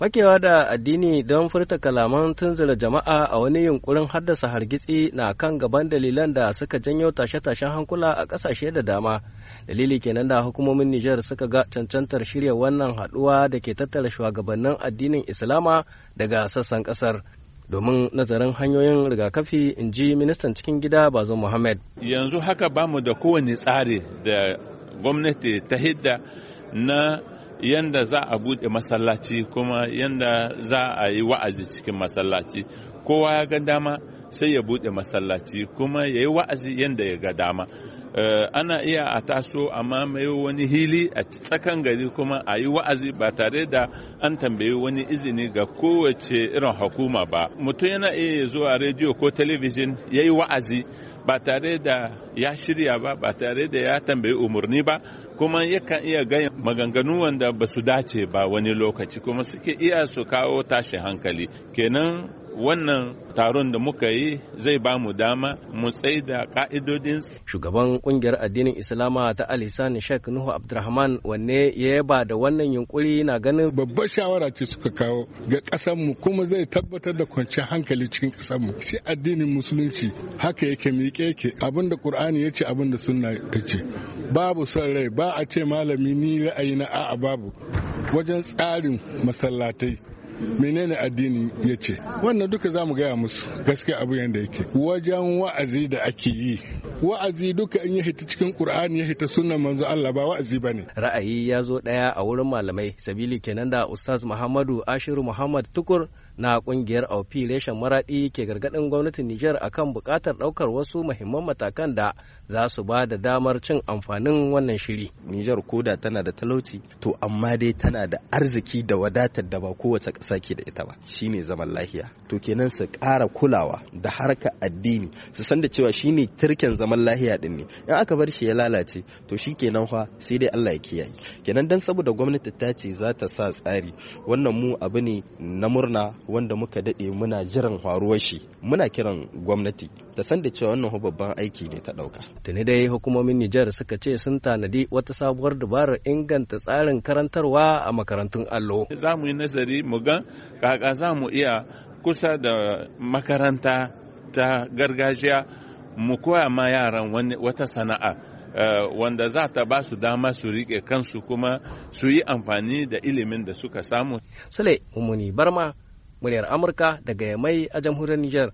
Fakewa da addini don furta kalaman tunzura jama'a a wani yunkurin haddasa hargitsi na kan gaban dalilan da suka janyo tashe-tashen hankula a ƙasashe da dama. Dalili kenan da hukumomin Nijar suka ga cancantar shirya wannan haɗuwa da ke tattara shugabannin addinin Islama daga sassan ƙasar. domin nazarin hanyoyin rigakafi in ji ministan cikin gida Bazo muhammad yanzu haka bamu da kowane tsari da gwamnati ta hidda na yanda za a buɗe masallaci kuma yanda za a yi wa'azi cikin masallaci kowa ya ga dama sai ya buɗe masallaci kuma ya yi wa'azi yanda ya ga dama eh, ana iya a taso amma mai wani hili a tsakan gari kuma a yi wa'azi ba tare da an tambayi wani izini ga kowace irin hukuma ba mutum yana iya zuwa rediyo ko telebijin ya yi wa'azi ba tare da ya shirya ba ba tare da ya tambayi umarni ba kuma yakan iya gaya maganganu wanda ba su dace ba wani lokaci kuma suke iya su kawo tashin hankali kenan wannan taron da muka yi zai ba mu dama mu tsai da ka'idodin shugaban kungiyar addinin islama ta alisan shek nuhu abdurrahman wanne ya yaba da wannan yunkuri na ganin babbar shawara ce suka kawo ga kasar mu kuma zai tabbatar da kwanciyar hankali cikin kasan mu shi addinin musulunci haka yake miƙe yake abinda qur'ani ya ce abinda sunna ta ce babu son rai ba a ce malami ni ra'ayi na a'a babu wajen tsarin masallatai menene addini ya ce wannan duka za mu gaya musu gaskiya abu yadda yake wajen wa'azi da ake yi wa'azi duka in ya hita cikin Qur'ani ya hita sunnan manzo Allah ba wa'azi bane ra'ayi ya zo daya a wurin malamai sabili kenan da Ustaz Muhammadu Ashiru Muhammad Tukur na kungiyar aufi reshen maradi ke gargadin gwamnatin Nijar akan bukatar daukar wasu muhimman matakan da za su ba da damar cin amfanin wannan shiri. Nijar koda tana da talauci to amma dai tana da arziki da wadatar da ba kowace ƙasa ke da ita ba shine zaman lahiya to kenan su ƙara kulawa da harkar addini su san da cewa shine tirken zaman zaman lahiya din ne in aka bar shi ya lalace to shi kenan fa sai dai Allah ya kiyaye kenan dan saboda gwamnati ta ce za ta sa tsari wannan mu abu ne na murna wanda muka dade muna jiran faruwar shi muna kiran gwamnati ta san da cewa wannan babban aiki ne ta dauka tuni dai hukumomin Nijar suka ce sun tanadi wata sabuwar dabarar inganta tsarin karantarwa a makarantun allo za mu yi nazari mu ga kaka za mu iya kusa da makaranta ta gargajiya mu koya ma yaran wata sana'a eh, wanda za ta ba su dama su riƙe kansu kuma su yi amfani da ilimin da suka samu. Sule Umuni Barma, muryar Amurka daga Yamai a jamhuriyar Nijar.